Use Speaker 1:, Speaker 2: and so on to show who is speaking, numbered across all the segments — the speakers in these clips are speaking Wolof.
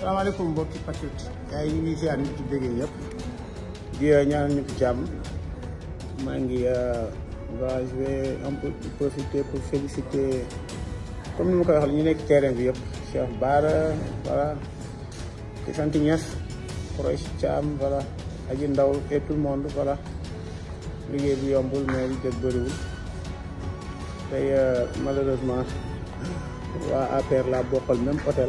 Speaker 1: Assalamualaikum mbokki patriote yaa ngi ñuy siyaar ñu ci déggee yëpp di ñaanal ñu ko jàmm maa ngi va je vais un peu profiter pour féliciter comme ni ma ko waxee ñu nekk terrain bi yëpp Cheikh Bara voilà di sant Niass Proche Thiam voilà Aji Ndaw et tout monde voilà liggéey bi yombul mais li jot bëriwul tey malheureusement waa APR laa bokkal même hôtel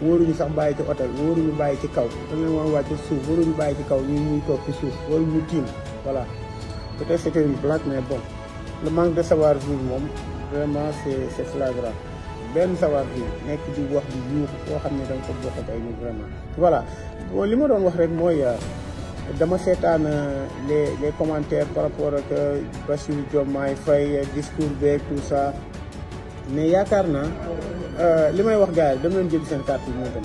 Speaker 1: ñu sax bàyyi ci otel ñu bàyyi ci kaw dañu leen woon wàcc suuf ñu bàyyi ci kaw ñu ñuy toog ci suuf ñu tiim voilà peut être c' était une blague mais bon le manque de savoir vivre moom vraiment c' est c' est flagrant benn savoir vivre nekk di wax di yuuxu koo xam ne da nga ko bokk ak ay ñu vraiment voilà bon li ma doon wax rek mooy dama seetaan les les commentaires par rapport ak Bassirou Diomaye Faye discours beeg tout ça mais yaakaar naa Euh, li may wax gars yi dem leen jëli seen carte yi moo gën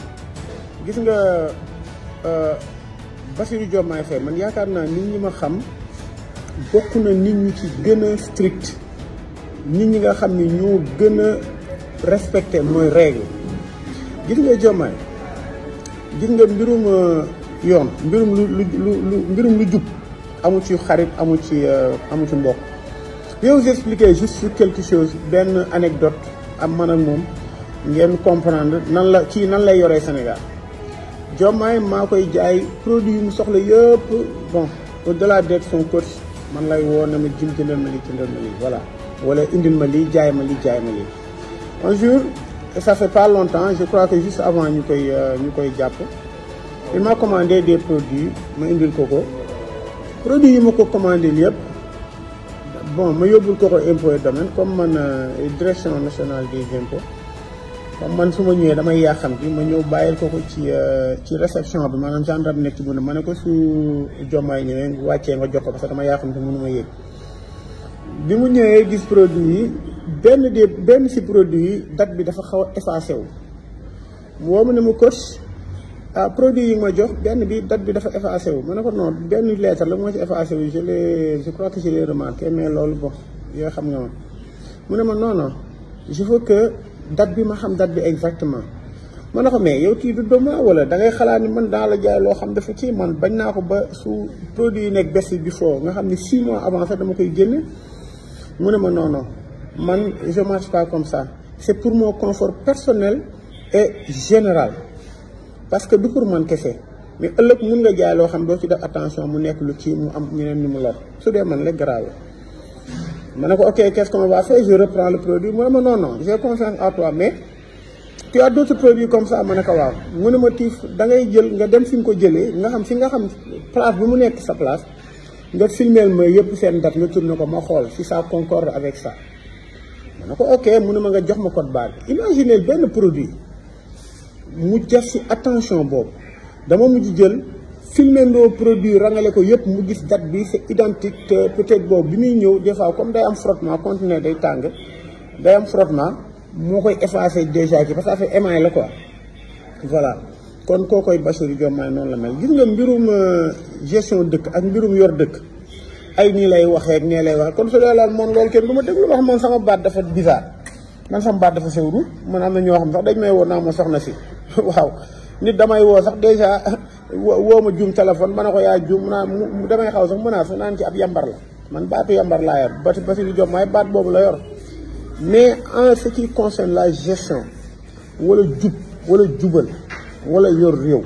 Speaker 1: gis nga euh, Bassirou Diomaye Faye man yaakaar naa nit ñi ma xam bokk na nit ñi ci gën a strict nit ñi nga xam ni ñoo gën a respecté mooy règle gis nga Diomaye gis nga mbirum euh, yoon mbirum lu lu lu mbirum lu jub amu ci xarit amu ci amu ci mbokk. Je vais vous expliquer juste quelque chose benn anecdote am man ak moom. Je comprendre nan la est nan lay yoré Sénégal jomay koy produit yu bon au delà de son coach man lay wo na ma jim jëndal ma voilà wala indil ma li jaay ma un jour ça fait pas longtemps je crois que juste avant ñu koy euh, ñu il m'a commandé des produits ma indil koko produit yi ma ko commandé bon ma suis koko impôt domaine comme man euh, direction nationale des impôts man suma ma ñëwee damay yaaxam bi ma ñëw bàyyil ko ko ci eh, ci réception bi manam gendarme nekk ci bu ne ma ko su jomay ñëwee waccé nga jox ko parce que dama yaxam te mënuma yegg bi mu ñëwé gis produit yi benn de benn si produit yi date bi dafa xaw effacé wu woo ma ne ma coach ah produit yi ma jox benn bi dat bi dafa effacé wu ma ko non benn lettre la mo ci effacé wu je les je crois que je les remarqué mais lolu bon yo xam nga mu ne ma non non je veux que date bi ma xam date bi exactement ma ne mais yow kii du doma wala da ngay xalaat ni man da la jaay lo xam dafa ci man bañ naa ko ba su produit nek nekk best bi fo nga xam ne six mois avant sax dama koy génne mu ne ma non non man je marche pas comme ça c'est pour mon confort personnel et général parce que du pour man kese mais ëllëg mun nga jaay lo xam do ci def attention mu nek lu ci mu am ñeneen ni mu lor su dee man la grave je ok, qu'est-ce qu'on va faire Je reprends le produit. Moi, non, non, j'ai confiance à toi, mais tu as d'autres produits comme ça. Je dis, mon motif, les vas dem fi ko jëlé nga xam fi nga xam place bu mu nekk sa place nga filmer ma yépp seen date nga tourner comme ma xool si ça concorde avec ça manako ne ko ok mënuma nga jox ma code barre imaginez benn produit mu def si attention Bob. dama mujj jël filmé ndoo produit rangale ko yëpp mu gis date bi c'est identique te boobu bi muy ñëw des fois comme day am frottement conteneur day tàng day am frottement moo koy effacé déjà ci parce que affaire émail la ko voilà kon koo koy Bassirou Diomaye noonu la mel gis nga mbirum euh, gestion dëkk ak mbirum yor dëkk ay nii lay waxee nee lay wax kon su dee laal moom loolu kenn du ma déglu wax man sama baat dafa bizarre man sama baat dafa sewru man am na ñoo xam sax dañ may woo naa ma soxna si waaw woo ma jum téléphone ma ne ko yaa jum mu naa mu demee xaw sax menace naan ci ab yambar la man baatu yambar laa yor ba Bassirou Diomaye baat boobu la en ce qui concerne la gestion wala jubal wala yor réew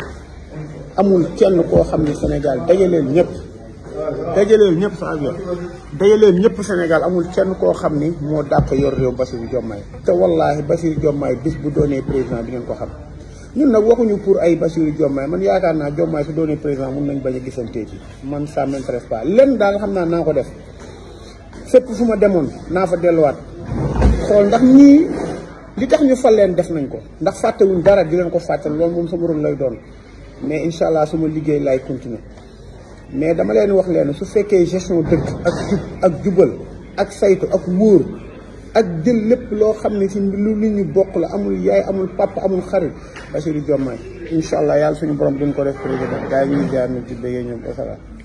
Speaker 1: amul kenn koo xam ne Sénégal dajaleel ñëpp dajaleel ñëpp sa ñëpp Sénégal amul kenn koo xam ni moo dàq yor réew Bassirou te wallaahi Bassirou Diomaye bis bu doonee président bi ngeen ko xam ñun nag waxuñu pour ay Bassirou Diomaye man yaakaar naa Diomaye su doonee président mun nañ bañ a gisantee ci man ça m'intéresse pas lenn daal xam naa naa ko def fépp fu ma demoon naa fa delluwaat xool ndax ñii li tax ñu fal leen def nañ ko ndax fàttewuñ dara di leen ko fàttal loolu moom sama rôle lay doon mais incha allah suma liggéey laay continuer mais dama leen wax leen su fekkee gestion dëkk ak jub ak jubal ak saytu ak wóor ak jël lépp loo xam ne si lu nit bokk la amul yaay amul papa amul xarit Bassirou Diomaye incha allah yàlla suñu borom duñ ko def président gars yi ñuy jaar ñu ci bëggee ñoom ba